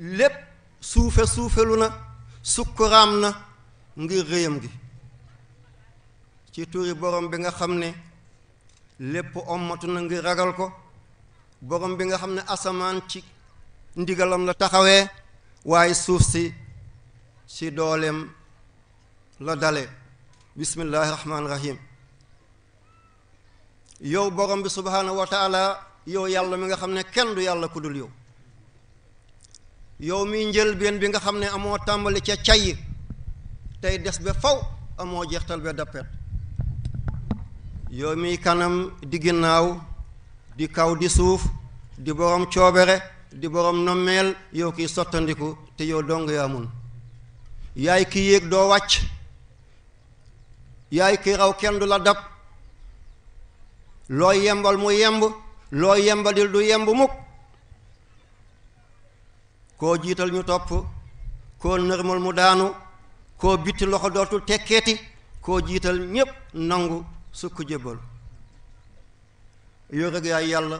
lépp suufe suufelu na sukkuraam na ngir rëyam gi ci turi borom bi nga xam ne lépp ommatu ngir ragal ko borom bi nga xam ne ci ndigalam la taxawee waaye suuf si ci dooleem la dale bismillaahi rahmaani rahim yow borom bi subhaanahu wa taala yow yàlla mi nga xam kenn du yàlla ku yow yow mi njël benn bi nga xam ne amoo ci ca cay tey des ba faw amo jextal be dapet yow mi kanam di ginnaaw di kaw di suuf di borom ciobere di borom nomel yow ki sotandiku te yow dong ya mun yaay ki yek do wacc yaay ki raw ken dula dab loo yembal mu yemb loo yembalil du yemb muk koo jiital ñu topp koo nërmal mu daanu koo bitti loxo dootul tekkeeti koo jiital ñépp nangu sukk jébbal yow rek yaay yàlla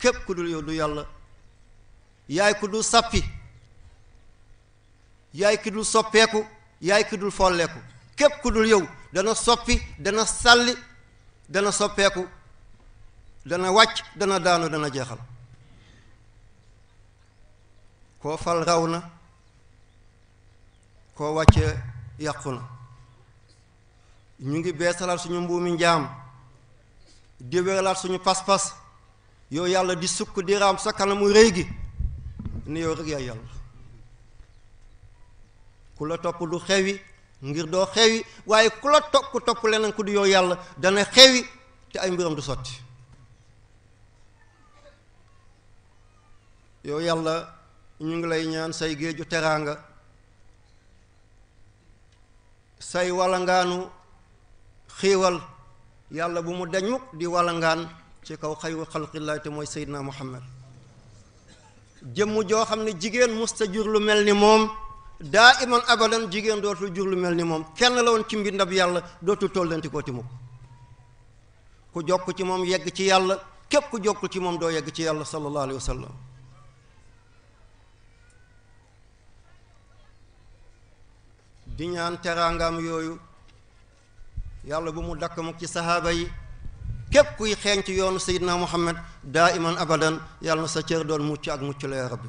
képp ku dul yow du yàlla yaay ku sàppi yaay ki dul soppeeku yaay ki dul folleeku képp ku dul yow dana soppi dana sàlli dana soppeeku dana wàcc dana daanu dana jeexal ko fal rawna na wacce wàcce ñu ngi beesalaat suñu mbuumi njaam di wéralaat suñu pas pass yo yalla di sukk di ram sa kanamu rëy gi ni yo rek ya yalla ku la topp du xewi ngir do xewi waye ku la ku du yo yalla dana xewi te ay mbiram du soti yo yalla ñu ngi lay ñaan say géeju teraanga say walangaanu xiiwal yàlla bu mu deñ mukk di walangaan ci kaw xayru xalqillahi te mooy seydina muhammad jëmm joo xam ne jigéen musta jur lu mel ni moom daa iman abadan jigéen dootul jur lu mel ni moom kenn la woon ci mbi ndab yàlla dootul tollanti ko ti mukk ku jokk ci moom yegg ci yàlla képp ku jokkul ci moom doo yegg ci yàlla sallallahu alayhi wa di ñaan teraangaam yooyu yàlla bu mu dakk mu ci sahaaba yi képp kuy xeeñ ci yoonu seydina muhammad daa iman abadan yàlla na sa cër doon mucc ak mucc la ya rabbi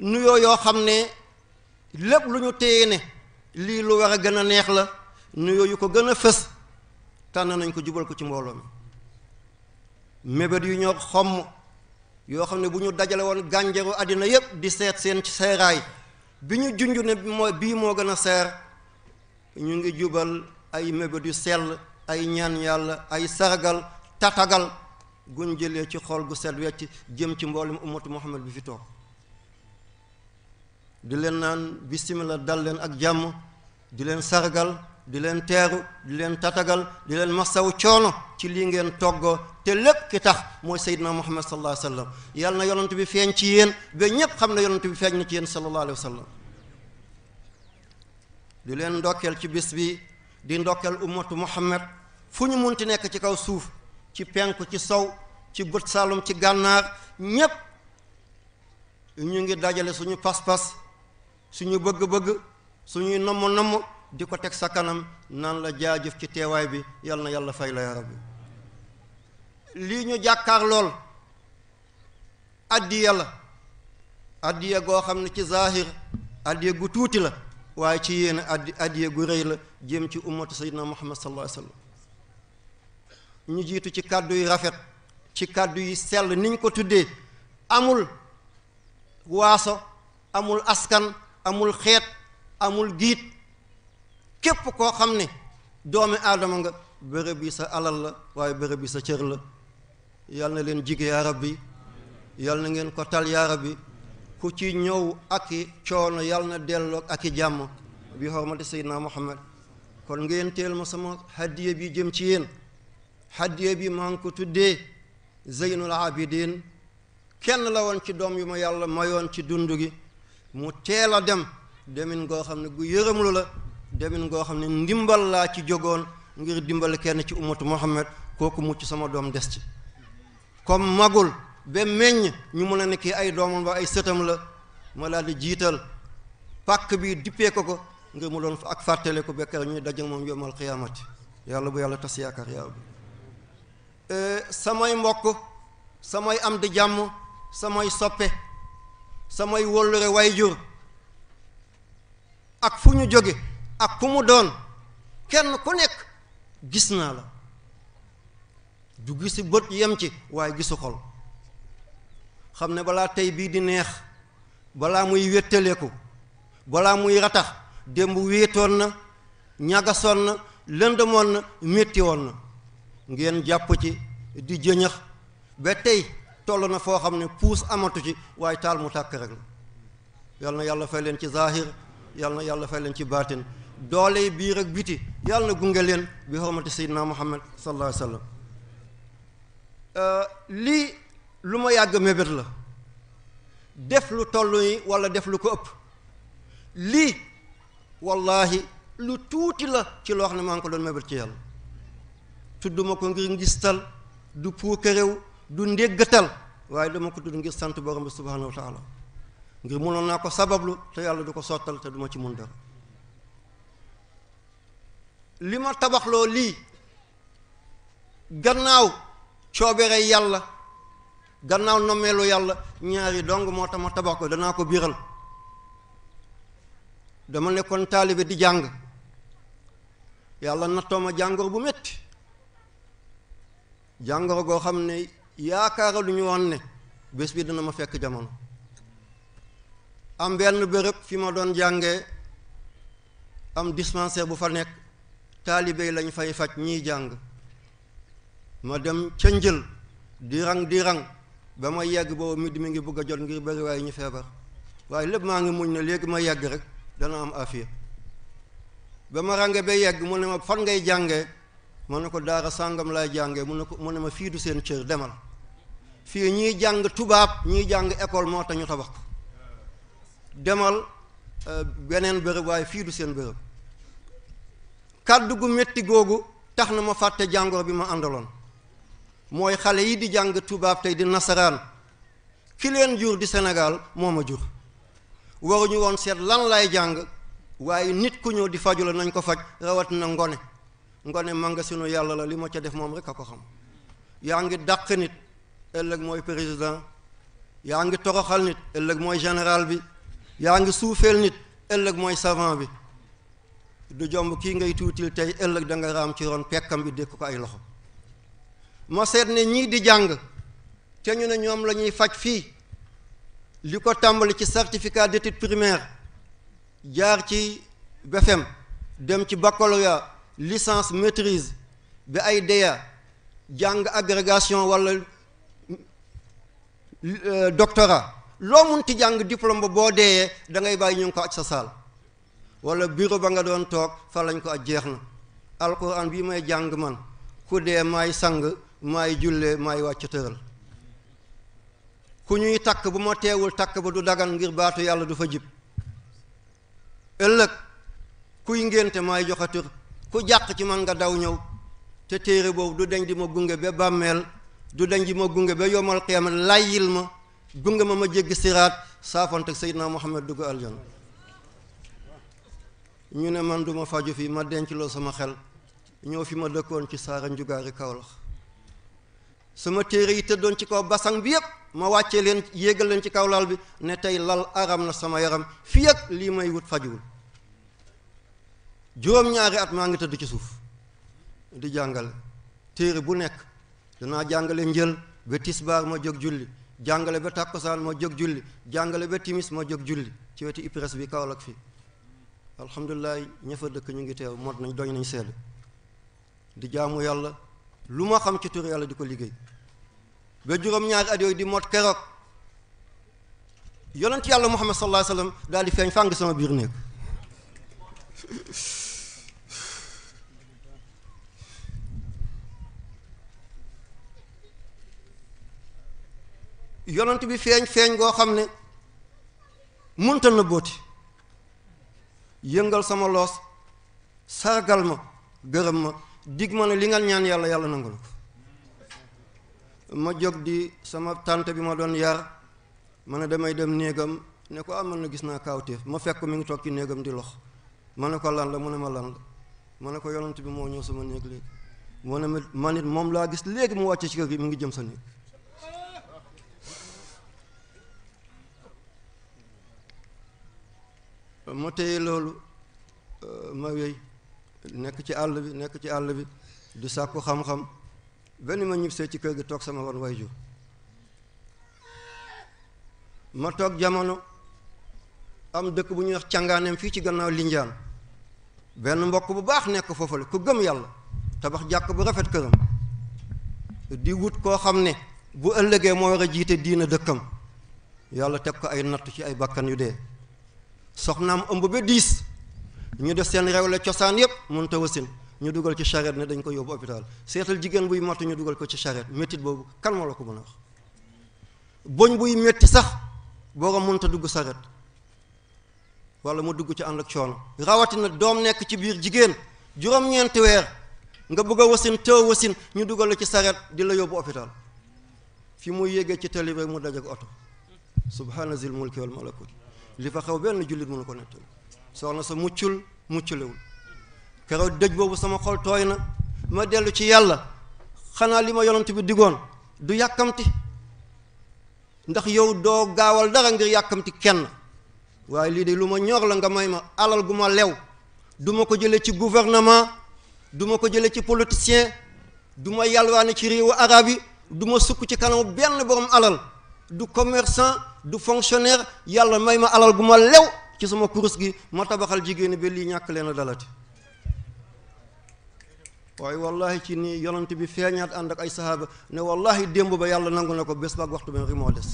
nuyoo yoo xam ne lépp lu ñu téye ne lii lu war a gën a neex la nuyoo yu ko gën a fës tànn nañ ko jubal ko ci mbooloo mi mébét yu ñor xomm yoo xam ne bu ñu dajale woon gànjaru àddina yépp di seet seen seeraay bi ñu junj ne mooy bii moo gën a seer ñu ngi jubal ay mébét yu sell ay ñaan yàlla ay sargal tatagal guñ jëlee ci xool gu set wecc jëm ci mboolem ummatu muhammad bi fi toog di leen naan bismillah dal leen ak jàmm di leen sargal di leen teeru di leen tatagal di leen masaw coono ci lii ngeen toggoo te lépp ki tax mooy seydina muhammad sallallahu alayhi wa sallam yàlla na yonent bi feeñ ci yéen ba ñépp xam na yonent bi feeñ na ci yéen sallallahu alayhi di leen ndokkeel ci bis bi di ndokkeel umatu muhammad fu ñu munti nekk ci kaw suuf ci penku ci sow ci bët saalum ci gànnaar ñépp ñu ngi dajale suñu pas-pas suñu bëgg-bëgg suñuy nomm-nomm di ko teg sa kanam naan la jaajëf ci teewaay bi yàlla na yàlla fay la yaa rabbi lii ñu jàkkaar lool addiya la addiya goo xam ne ci zahir addiya gu tuuti la waaye ci yéen addi addiya gu rëy la jéem ci ummatu sayyidina muhammad sallallahu alayhi ñu jiitu ci kàddu yi rafet ci kàddu yi sell niñ ko tuddee amul waaso amul askan amul xeet amul giit képp koo xam ne doomi aadama nga bërëb bi sa alal la waaye bërëb yi sa cër la yal na leen jige yaa bi yal na ngeen ko tal yaa rabbi ku ci ñëw ak i coono yal na delloog ak i jàmm bi hormati seydina muhammad kon ngeen teel ma sama hadiya bi jëm ci yéen hadiya bi maa ngi ko tuddee zeynul abidin kenn la woon ci doom yu ma yàlla mayoon ci dund gi mu teel a dem demin ngoo xam ne gu yërëmlu la demin ngoo xam ne ndimbal laa ci jógoon ngir dimbal kenn ci umatu Muhammad kooku mucc sama doom des ci comme magul ba meññ ñu mën a kii ay doomam ba ay sëtam la ma daal di jiital pàkk bi dippee ko ko ngir mu doon ak fàttale ko bekkar ñuy daje moom yomal xiyaamati yàlla bu yàlla tas yaakaar yàlla bu euh, samay mbokk samay am di jàmm samay soppe samay wóllure way jur ak fu ñu jóge ak ku mu doon kenn ku nekk gis naa la du gisi bët yem ci waaye gisu xol xam ne balaa tey bii di neex balaa muy wéttaleeku balaa muy ratax démb wéetoon na ñagasoon na lëndëmoon na métti na ngeen jàpp ci di jëñëx ba tey toll na foo xam ne puus amatu ci waaye taal mu tàkk rek la yal yàlla fay leen ci zaahir yal na yàlla fay leen ci baatin doole biir ak biti yàlla na gunge leen bi hormati seydina muhammad sallallahu alayhi euh, lii lu ma yàgg mébét la def lu toll yi wala def lu ko ëpp lii wallaahi lu tuuti la ci loo xam ne maa ngi ko doon mébét ci yàlla tudduma ko ngir ngistal du puukaréew du ndéggatal waaye dama ko tudd ngir sant borom bi subhaanahu wa taala ngir mënoon naa ko sabablu te yàlla du ko sottal te duma ci mun dara li ma tabaxloo lii gannaaw coobere yàlla gannaaw nommeelu yàlla ñaari dong moo tax ma tabax ko danaa ko biral dama nekkoon taalibe di jàng yàlla nattoo ma jàngoro bu metti jàngoro goo xam ne yaakaara lu ñu woon ne bés bi dana ma fekk jamono am benn bërëb fi ma doon jàngee am dispensaire bu fa nekk talibey lañ fay faj ñi jang ma dem ci njël di rang di rang ba ma yegg mi di mi ngi bëgg jot ngir bëgg way ñu febar way lepp ma ngi muñ na legi ma yegg rek na am afiya ba ma range ba yegg mu ne ma fan ngay jangé ma ne ko daara sangam lay jangé mu ne ko mu ne ma fi du seen cieur demal fi ñi jang tubaab ñi jang école mo tax ñu tabax demal euh, benen bërëb way fi du seen bërëb kàddu gu metti googu tax na ma fàtte jàngoor bi ma àndaloon mooy xale yi di jàng tubaab tey di nasaraan ki leen jur di Sénégal moom ma jur waruñu woon seet lan laay jàng waaye nit ku ñëw di faju la nañ ko faj rawat na ngone ngone manga yàlla la li ma ca def moom rek a ko xam yaa ngi dàq nit ëllëg mooy président yaa ngi toroxal nit ëllëg mooy général bi yaa ngi suufeel nit ëllëg mooy savant bi du jomb ki ngay tutil tay ëllëg da nga ram ci ron pekkam bi dékk ko ay loxo mo seet ne ñi di jang te ñu ne ñom lañuy fajj fi liko li ci certificat d'études primaire jaar ci bfm e dem ci baccalauréat licence maîtrise bi ay DEA jang agrégation wala euh, doctorat lo mun ti jàng diplôme bo boo da ngay bay ñu ko acc sa saal wala bureau ba nga doon toog fa lañ ko aj ah, jeex na alquran bi may jàng man ku dee maay sang maay jullee maay wàcc tëral ku ñuy takk bu ma teewul takk ba du dagan ngir baatu yàlla du fa jib ëllëg kuy ngénte maay joxe tur ku jàq ci man nga daw ñëw te téere boobu du dañ di ma gunge ba bàmmeel du dañ di ma gunge ba yomal xiyaama layyil ma gunge ma ma jéggi siraat saafante ak Seydina Muhammad dugg aljana ñu ne man duma faju fi ma denc lo sama xel ñoo fi ma dëkkoon ci saara njugaari kawlax sama téré yi ci kaw basang bi yépp ma wàccee leen yéegal leen ci kaw lal bi ne tey lal aram na sama yaram fi ak lii may wut fajuwul juróom-ñaari at maa ngi tëdd ci suuf di jàngale téere bu nekk dana jàngale njël ba tisbaar ma jóg julli jàngale ba tàkkusaan ma jóg julli jàngale ba timis ma jóg julli ci weti ipres bi kawlak fii alhamdullilah ña fa dëkk ñu ngi tew mot nañ doñ nañ sel di jaamu yàlla lu ma xam ci tur yàlla diko liggey liggéey ba juróom-ñaari at yooyu di mot kérok yonent yàlla muhammad sallallahu alayhi wasallam dal di feñ fàng sama bir neek yonent bi feñ feñ go xamne muntal na boti yëngal sama loos sargal ma gërëm ma dig ma ne li nga ñaan yàlla yàlla nangu la ko ma jóg di sama tante bi ma doon yar ma ne damay dem néegam ne ko amal ah, na gis naa kaawteef ma fekk mi ngi toog ci néegam di lox ma ne ko lan la mu ne ma lan la ma ne ko yonent bi moo ñëw sama néeg léegi moo ne ma man it moom laa gis léegi mu wàcce ci kër gi mu ngi jëm sa néeg moo téye loolu euh, ma wéy nekk ci àll bi nekk ci àll bi du sàkku xam-xam benn ma ñibbisee ci kër gi toog sama wan way jur ma toog jamono am dëkk bu ñuy wax càngaaneem fii ci gannaaw linjaan benn mbokk bu baax nekk foofu la ku gëm yàlla tabax jàkk bu rafet këram di wut koo xam ne bu ëllëgee moo war a jiite diina dëkkam yàlla teg ko ay natt ci ay bàkkan yu dee soxnaam ëmb ba diis ñu def seen rew cosaan yëpp mënut a wasin ñu dugal ci charrette ne dañ ko yóbbu hôpital seetal jigéen buy matu ñu dugal ko ci charrette méttit boobu kan ma la ko mën a wax boñ buy metti sax borom mënut a dugg charrette wala mu dugg ci ànd ak coono rawatina doom nekk ci biir jigéen juróom-ñeenti weer nga bëgg a wasin teew wasin ñu dugal la ci charrette di la yóbbu hôpital fi muy yéegee ci tali rek mu dajak oto subhaana zil mulki wal malakut li fa xew benn jullit mënu ko nettali soxna sa muccul mucculewul keroog dëj boobu sama xol tooy na ma dellu ci yàlla xanaa li ma yonent bi digoon du yàkkamti ndax yow doo gaawal dara ngir yàkkamti kenn waaye lii de lu ma ñor la nga may ma alal gu ma lew du ma ko jële ci gouvernement du ma ko jële ci politicien du ma yàlwaane ci réewu arab yi du ma sukk ci kanamu benn borom alal du commerçant du fonctionnaire yàlla may ma alal gu ma lew ci sama kurus gi ma tabaxal jigéen ba lii ñàkk leen a dalati waaye wallahi ci nii yonent bi feeñaat ànd ak ay sahaaba ne wallahi démb ba yàlla nangu na ko bés ba ak waxtu ba moo des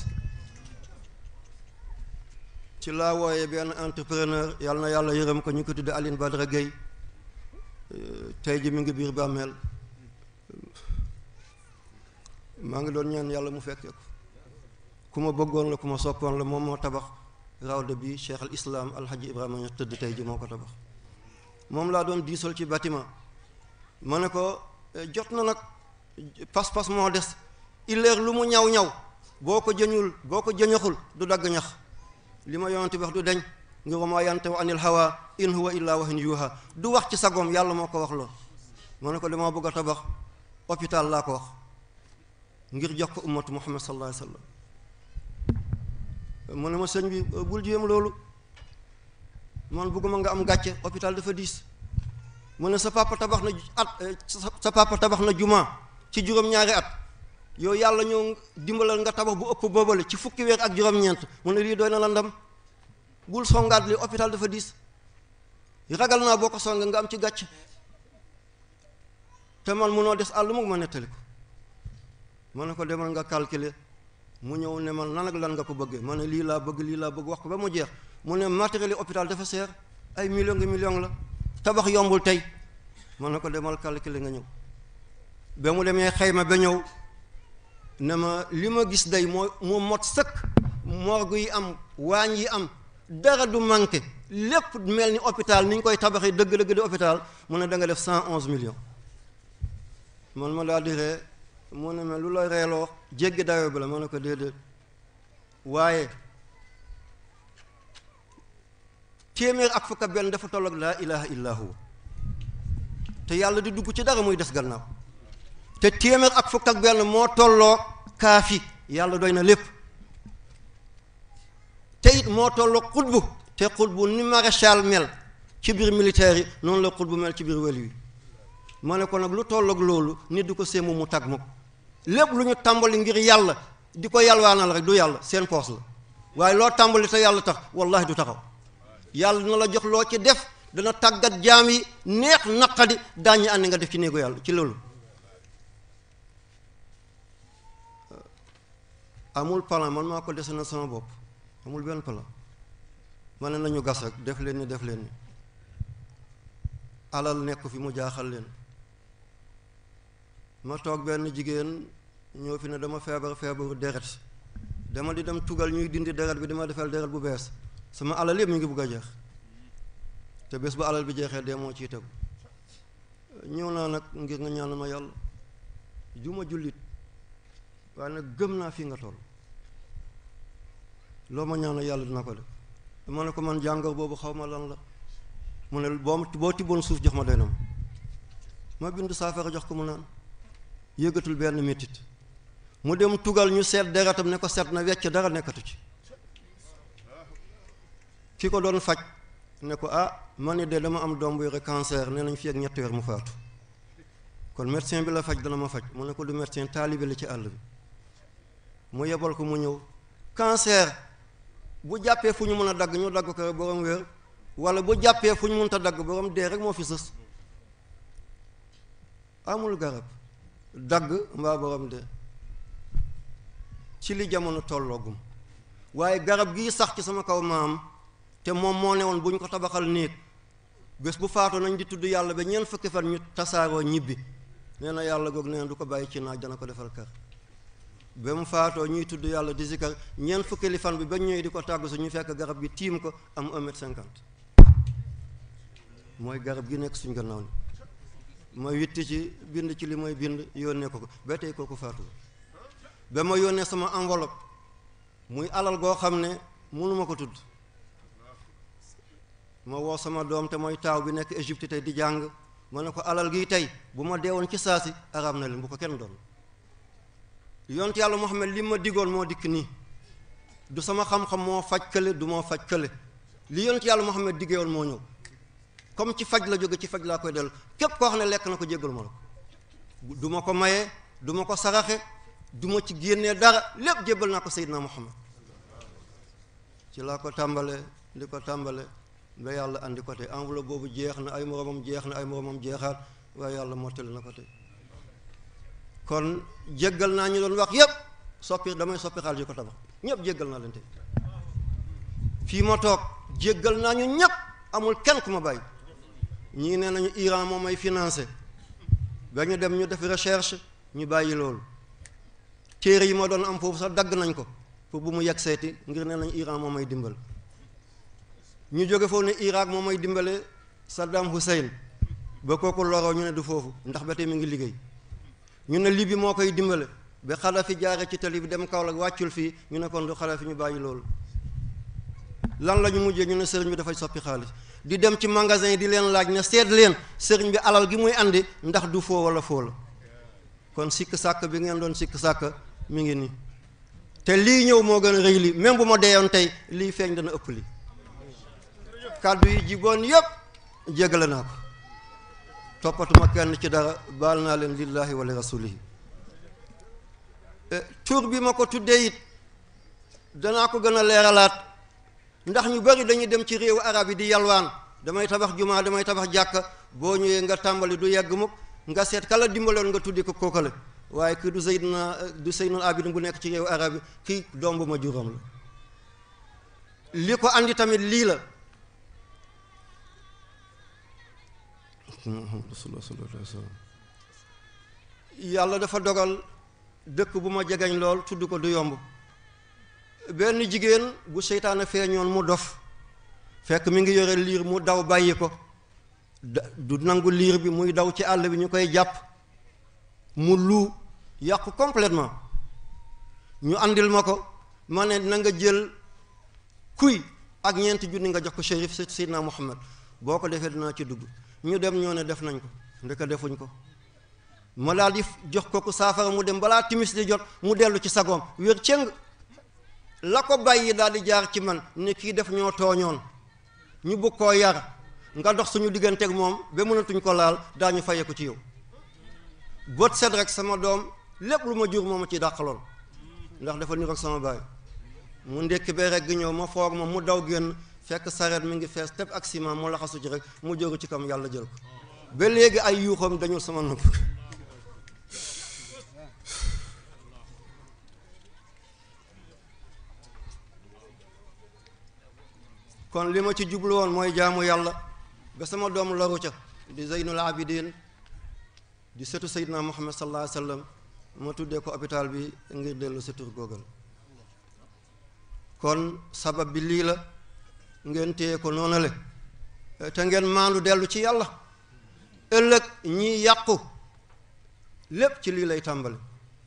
ci laa wooye benn entrepreneur yàlla na yàlla yërëm ko ñu ko tudde Aline Badara Gueye euh, tey ji mi ngi biir bàmmeel maa ngi doon ñaan yàlla mu fekkee ko kuma bëggoon la kuma ma soppoon la moom moo tabax rawda bi cheikh al islam alhaji ibrahima ñu tëdd tey ji moo ko tabax moom laa doon diisol ci bâtiment ma ne ko jot na nag pas-pas moo des illeer lu mu ñaw ñaw boo ko jëñul boo ko jëñaxul du dagg ñax li ma yonante wax du deñ ngir ma yantaw anil hawa in huwa illa wahin yuha du wax ci sagom yàlla moo ko wax loo ma ne ko damaa bëgg a tabax hôpital laa ko wax ngir jox ko ummatu muhammad sallallahu alayhi wa sallam mu ne ma sëñ bi euh, bul jéem loolu man bëgguma nga am gàcce hôpital dafa diis mu ne sa papa tabax na euh, sa papa tabax na jumaa ci juróom-ñaari at yow yàlla ñoo dimbalal nga tabax bu ëpp boobale ci fukki weer ak juróom-ñeent mu ne lii doy na la ndam bul songaat li hôpital dafa diis ragal naa boo ko songee nga am ci gàcc te man munoo des àll mu ma nettali ko ma ne ko demal nga calculer. mu ñëw ne man lan ak nga ko bëggee ma ne lii laa bëgg lii laa bëgg wax ko ba mu jeex mu ne matériel yi hôpital dafa seer ay million ngi million la tabax yombul tey man na ko demal calculer nga ñëw ba mu demee xayma ba ñëw ne ma li ma gis day moo moo mot sëkk morgue yi am waañ yi am dara du manqué lépp mel ni hôpital ni koy tabaxee dëgg-dëgg di hôpital mu ne danga def cent onze millions man ma daal di ree mu ne ma lu la reeloo jéggi dayo bi la ma ne ko déedéet waaye téeméer ak fukk benn dafa tolloog laa ilaha illa huwa te yàlla di dugg ci dara muy des gannaaw te téeméer ak fukk ak benn moo tolloo kaafi yàlla doy na lépp te moo tollook xutbu te xutbu ni maréchal mel ci biir militaire yi noonu la xutbu mel ci biir wël wi ma ne ko nag lu tolloog loolu nit du ko séemu mu tag mukk lepp lu ñu ngir yalla di ko yalwaanal rek du yalla seen force la waaye lo tambali te yalla tax wallahi du taxaw yalla na la jox lo ci def dana tagat jami neex naqadi dañi ànd nga def ci yalla ci lolu amul plan man mako ko desanal sama bop amul ben plan Man ne nañu gas rek def leen ni def leen ni alal nekk fi mu jaaxal leen ma tok ben jigen ñoo fi ne dama febar febar deret dama di dem tugal ñuy dindi deret bi dama defal deret bu bes sama alal yeb mi ngi bugg a jeex te bes bu alal bi jeexé de mo ci tegu ñëw na nak ngir nga ñaan ma yàlla juma jullit waaye nag gëm naa fi nga toll lo ma ñaanal yalla dina ko def ma ne ko man jàngoor bobu xawma lan la mo ne bo boo tibboon suuf jox ma doy ma bindu saafara jox ko mu nan yëgatul benn métit mu dem tugal ñu seet deretam ne ko seet na wecc dara nekkatu ci ki ko doon faj ne ko ah man de dama am doom buy rek ne nee nañ fi ak ñetti weer mu faatu kon médecin bi la faj dana ma faj mu ne ko du médecin taalibe la ci àll bi mu yebal ko mu ñëw cancer bu jàppee fu ñu mën a dagg ñu dagg ko borom wér wala bu jàppee fu ñu mënta dagg borom dee rek moo fi sës amul garab dagg mbaa borom de ci li jamono tolloogum waaye garab gii sax ci sama kaw maam te moom moo ne woon bu ñu ko tabaxal niit bés bu faatoo nañ di tudd yàlla ba ñeent fukki fan ñu tasaaroo ñibbi nee na yàlla goog nee du ko bàyyi ci naaj dana ko defal kër ba mu faatoo ñuy tudd yàlla di zikar ñeent fukki fan bi ba ñëwee di ko tàggu su ñu fekk garab gi tiim ko am un mètre mooy garab gi nekk suñ gannaaw ni ma witti ci bind ci li may bind yónnee ko ko ba tey kooku faatu ba ma yónnee sama enveloppe muy alal goo xam ne mënuma ko tudd ma woo sama doom te mooy taaw bi nekk Égypte tey di jàng ma ne ko alal gi tey bu ma deewoon ci saasi araam na leen bu ko kenn doon yont yàlla Muhammad li ma digoon moo dikk nii du sama xam-xam moo faj kële du moo faj kële li yont yàlla Muhammad diggee woon moo ñëw comme ci faj la jóge ci faj laa koy del képp koo xam ne lekk na ko jéggalu ma la ko du ma ko maye du ko saraxe duma ci génne dara lépp jébbal naa ko Seydina Muhammad ci laa ko tàmbale di ko tàmbale ba yàlla andi ko tey enveloppe boobu jeex na ay moromam jeex na ay moromam jeexaat waaye yàlla mottali na ko tey kon jéggal naa ñu doon wax yépp soppi damay soppi xaalis yi ko tabax ñépp jéggal naa leen tey fii ma toog jéggal naa ñu ñépp amul kenn ku ma bàyyi ñii nee nañu Iran moom mooy financé ba ñu dem ñu def recherche ñu bàyyi loolu cére yi ma doon am foofu sax dagg nañ ko pour bu mu yegg seeti ngir nee nañu Iran moom may dimbal ñu jóge foofu ne Irak moom mooy dimbale Saddam Hussein ba kooku loroo ñu ne du foofu ndax ba tey mi ngi liggéey ñu ne Libye moo koy dimbale ba Kadhafi jaare ci tali bi dem Kaolack wàccul fii ñu ne kon du Kadhafi ñu bàyyi loolu lan la ñu mujjee ñu ne sëriñ bi dafay soppi xaalis di dem ci magasin yi di leen laaj ne seet leen sëriñ bi alal gi muy andi ndax du foo wala foo la kon sikk sàkk bi ngeen doon sikk sàkk mu ngi nii te lii ñëw moo gën a rëy li même bu ma deeyoon tey lii feeñ dana ëpp li kàddu yi jiboon yëpp jégale naa ko toppatuma kenn ci dara baal naa leen lillahi wa li rasulihi eh, tur bi ma ko tuddee it danaa ko gën a leeralaat ndax ñu bari dañuy dem ci réewu arab yi di yàllawaan damay tabax jumaa damay tabax jàkka boo ñëwee nga tàmbali du yegg mukk nga seet kala dimbaloon nga tuddi ko kookale waaye kii du na du Seynul Abidin bu nekk ci réewu arab yi kii doom ma juróom la li ko andi tamit lii la yàlla dafa dogal dëkk bu ma jegeñ lool tudd ko du yomb benn jigéen bu seytaane feeñoon mu dof fekk mi ngi yore liir mu daw bàyyi ko du nangu liir bi muy daw ci àll bi ñu koy jàpp mu lu yàqu complètement ñu àndil ma ko ma dina nga jël kuy ak ñeenti junni nga jox ko shérif Seydina Muhammad boo ko defee dinaa ci dugg ñu dem ñoo ne def nañ ko ndeka defuñ ko ma daal di jox ko ku saafara mu dem balaa timis di jot mu dellu ci sagoom wér cëng la ko bàyyi daal di jaar ci man ne kii def ñoo tooñoon ñu bëgg koo yar nga dox suñu digganteeg moom ba mënatuñ ko laal daal ñu faye ko ci yow bët set rek sama doom lépp lu ma jur moom ci dàqaloon ndax dafa niroog sama baay mu ndékki ba rek gi ñëw ma foog ma mu daw génn fekk sareet mi ngi fees teb ak ciment mu laxasu ci rek mu jógu ci kam yàlla jël ko ba léegi ay yuuxoom dañul sama nopp kon li ma ci jublu woon mooy jaamu yàlla ba sama doom loru ca di zeynul abidin di setu seydina muhammad sallallahu alayhi wa sallam ma tuddee ko hôpital bi ngir dellu sa tur kon sabab bi lii la ngeen téye ko noonale te ngeen maandu dellu ci yàlla ëllëg ñiy yàqu lépp ci lii lay tàmbali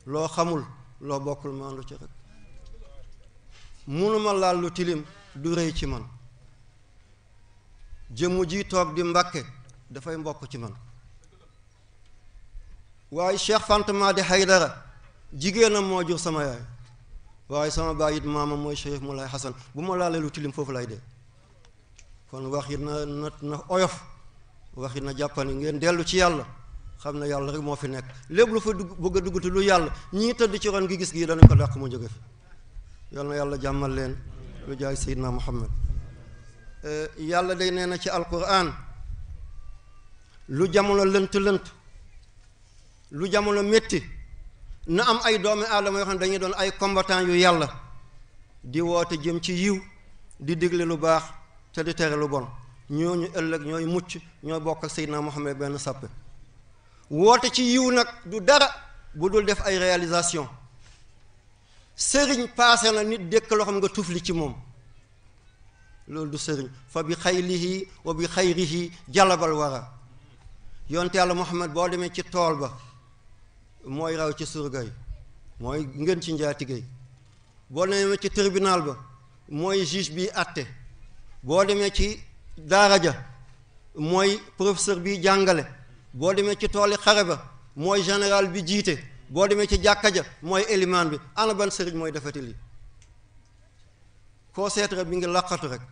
loo xamul loo bokkul maandu ci rek munuma laal tilim du rëy ci man jëmm ji toog di mbàkke dafay mbokk ci man waaye Cheikh ma Madi Haydara jigéenam moo jur sama yaay waaye sama baay it maama mooy Cheikh Moulay Hassan bu ma laalee lu tilim foofu lay dee kon wax it na na oyof wax it na jàppani ngeen dellu ci yàlla xam ne yàlla rek moo fi nekk lépp lu fa dugg bëgg a dugg te lu yàlla ñii tëdd ci gi gis gii danañ ko dàq mu jóge fi yoon na yàlla jàmmal leen lu jaay Seydina Muhammad Eh, yàlla day nee na ci alquran lu jamono lënt lënt lu jamono métti na am ay doomi aadama yoo xam ne dañuy doon ay combattant yu yàlla di woote jëm ci yiw di digle lu baax te di tere lu bon ñooñu ëllëg ñooy mucc ñoo bokk ak Seydina Muhammad benn sàppe woote ci yiw nag du dara bu dul def ay réalisation sëriñ paase na nit dëkk loo xam nga tufli ci moom lolou du sëriñ fa bi khaylihi wa bi khayrihi jalabal wara yonte yàlla muhammad bo demé ci tol ba moy raw ci surgay moy ngeen ci njaatige gay bo demé ci tribunal ba moy juge bi àtte bo demé ci daara ja mooy professeur bi jàngale bo demé ci toli xare ba mooy général bi jité bo demé ci jàkka ja mooy élimaan bi ana ban serigne moy defati koo seet bi mi ngi laqatu rek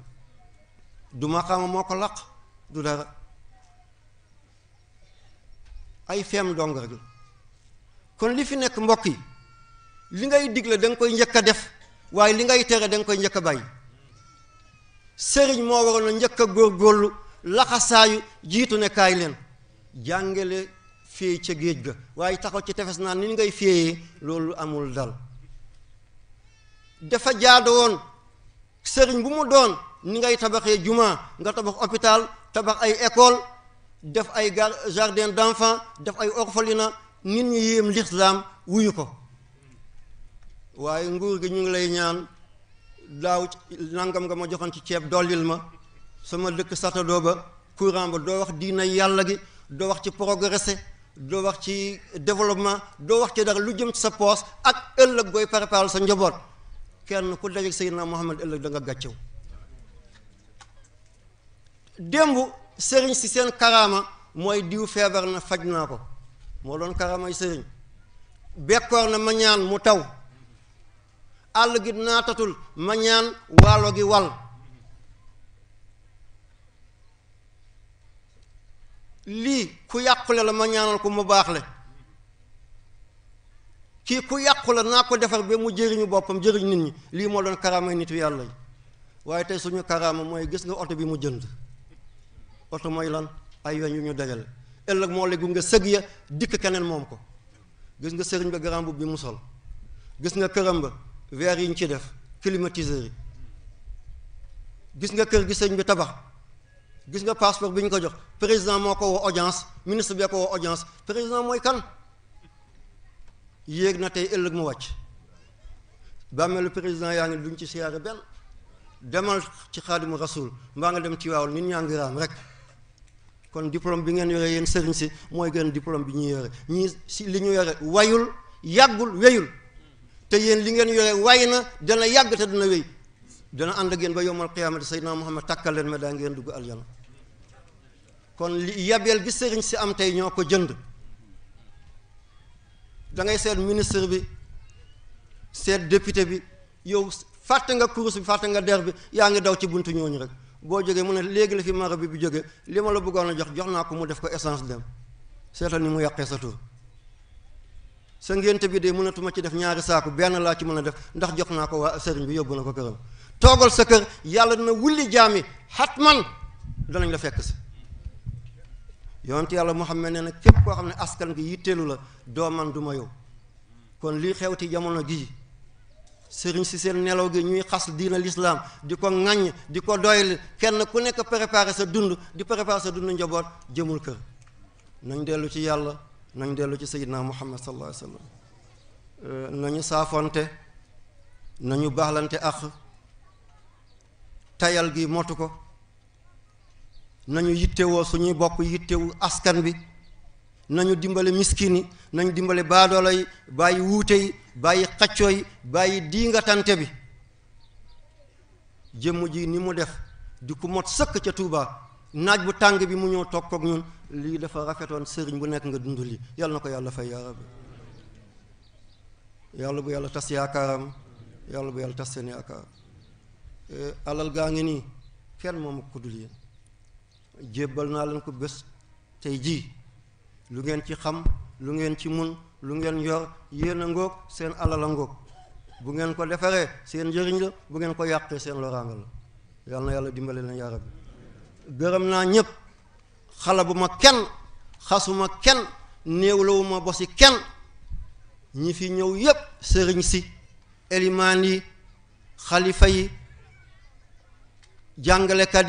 du maqaama moo ko laq du dara ay feem dong rek kon li fi nekk mbokk yi li ngay digle danga koy njëkk a def waaye li ngay tere danga koy njëkk a bàyyi sëriñ moo waroon a góor a góorgóorlu laxasaayu jiitu ne kaay leen jàngale fii ca géej ga waaye taxaw ci tefes naa ni ngay fiyee loolu amul dal dafa jaado sëriñ bu mu doon ni ngay tabaxee juma nga tabax hôpital tabax ay école def ay garden jardin d'enfants def ay orphelinat nit ñi yéem l'islam wuyu ko waaye nguur gi ñu ngi lay ñaan daaw nangam nga ma joxoon ci ceeb dollil ma sama dëkk satadoo ba courant ba doo wax diina yàlla gi doo wax ci progressé doo wax ci développement doo wax ci dara lu jëm ci sa poos ak ëllëg gooy préparer sa njaboot kenn ku dajeek Seydina Muhammad ëllëg da nga démb sëriñ si seen karaama mooy diw feebar na faj naa ko moo doon karaamay sëriñ bekkoor na ma ñaan mu taw àll gi naatatul ma ñaan waalo gi wal lii ku yàqule la ma ñaanal ko mu baax le kii ku yàqu la naa ko defar ba mu jëriñu boppam jëriñ nit ñi lii moo doon karaamay nitu yàlla yi waaye tey suñu karaama mooy gis nga oto bi mu jënd oto mooy lan ay yoon yu ñu dajale ëllëg moo gu nga sëg ya dikk keneen moom ko gis nga sëriñ ba grand boubou bi mu sol gis nga këram ba verre yi ñu ci def climatiseur yi gis nga kër gi sëriñ bi tabax gis nga passeport bi ñu ko jox président moo ko woo audience ministre bee ko woo mooy kan yéeg na tey ëllëg mu wàcc bàmmeelu président yaa ngi duñ ci siyaare benn demal ci xaadimu rasul mbaa nga dem ci waaw nit ñaa ngi raam rek kon diplôme bi ngeen yore yéen sëriñ si mooy gën diplôme bi ñuy yore ñii si li ñu yore wayul yàggul weyul te yéen li ngeen yore way na dana yàgg te dana wéy dana ànd a yéen ba yomal qiyaamati sayyidina Muhammad takkal leen ma daa ngeen dugg aljana kon li yabeel gi sëriñ si am tey ñoo ko jënd da ngay seet ministre bi seet député bi yow fàtte nga course bi fàtte nga der bi yaa ngi daw ci buntu ñooñu rek boo jógee mu ne léegi la fi mara bi bu jógee li ma la bëggoon a jox jox naa ko mu def ko essence dem seetal ni mu yàqee sa tur sa ngénte bi de mënatuma ci def ñaari saaku benn laa ci mën a def ndax jox naa ko waa sëriñ bi yóbbu na ko këram toogal sa kër yàlla dina wulli jaami xat man danañ la fekk si yonent yàlla xam Muhammad nee na képp koo xam ne askan gi yitteelu la doo man du ma yow kon lii xew ci jamono gii sëriñ si seen nelaw gi ñuy xas diina lislaam di ko ŋaññ di ko doyli kenn ku nekk préparé sa dund di préparé sa dund njaboot jëmul kër nañ dellu ci yàlla nañ dellu ci sayyidina Muhammad sallallahu alayhi wa sallam euh, nañu saafonte nañu baaxlante ak tayal gi motu ko nañu yittewoo suñuy bokk yittewu askan bi nañu dimbale miskin yi nañu dimbale baadoolo yi bàyyi wuute yi bàyyi xaccoo yi bàyyi diingatante bi jëmm ji ni mu def di ku mot sëkk ca Touba naaj bu tàng bi mu ñëw toog kook ñun lii dafa rafetoon sëriñ bu nekk nga dund lii yàlla na ko yàlla fay yaa rabbi yàlla bu yàlla tas yaakaaram yàlla bu yàlla tas seen yaakaar eh, alal gaa ngi nii kenn moom ak ku dul jébbal naa leen ko bés tey ji lu ngeen ci xam lu ngeen ci mun lu ngeen yor yéen a ngóog seen alal a ngóog bu ngeen ko defaree seen njëriñ la bu ngeen ko yàqee seen loraanga la yàlla na yàlla dimbale leen yaara bi gërëm naa ñëpp xala bu ma kenn xasuma kenn néewlawuma bosi kenn ñi fi ñëw yépp sëriñ si elimaan yi xalifa yi jàngalekat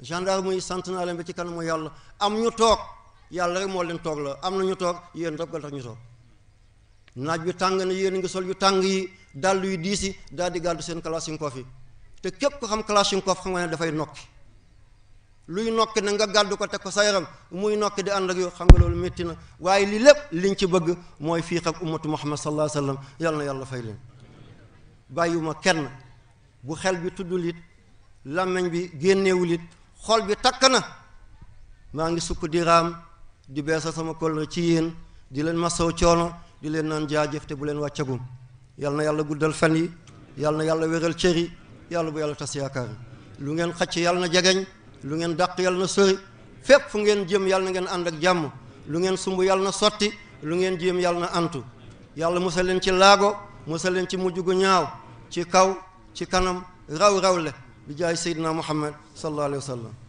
gendarme yi sant naa leen ba ci kanamu yàlla am ñu toog yàlla rek moo leen toog la am na ñu toog yéen rek tax ñu toog naaj bi tàng na yéen ngi sol yu tàng yi dàll yu diis yi daal di gàddu seen kalashnikov yi te képp ko xam kalashnikov xam nga ne dafay nokki luy nokki na nga gàddu ko te ko sa yaram muy nokki di ànd ak yow xam nga loolu métti na waaye lii lépp liñ ci bëgg mooy fii ak ummatu muhammad sallallahu alayhi wasallam yal na yàlla fay leen bàyyiwuma kenn bu xel bi tuddul it làmmiñ bi génnewul i xol bi takk na maa ngi sukk di raam di beesal sama kóllëre ci yéen di leen masaw coono di leen naan jaajëf te bu leen wàccagum yal na yàlla guddal fen yi yal na yàlla wéral cër yàlla bu yàlla tas yaakaar lu ngeen xacc yàlla na jegeñ lu ngeen dàq yàlla na sori fépp fu ngeen jëm yàlla na ngeen ànd ak jàmm lu ngeen sumb yàlla na sotti lu ngeen jéem yàlla na àntu yàlla musal leen ci laago musal leen ci mujj gu ñaaw ci kaw ci kanam raw raw le bi jaay Seydina Muhammad sallallahu alayhi wa sallam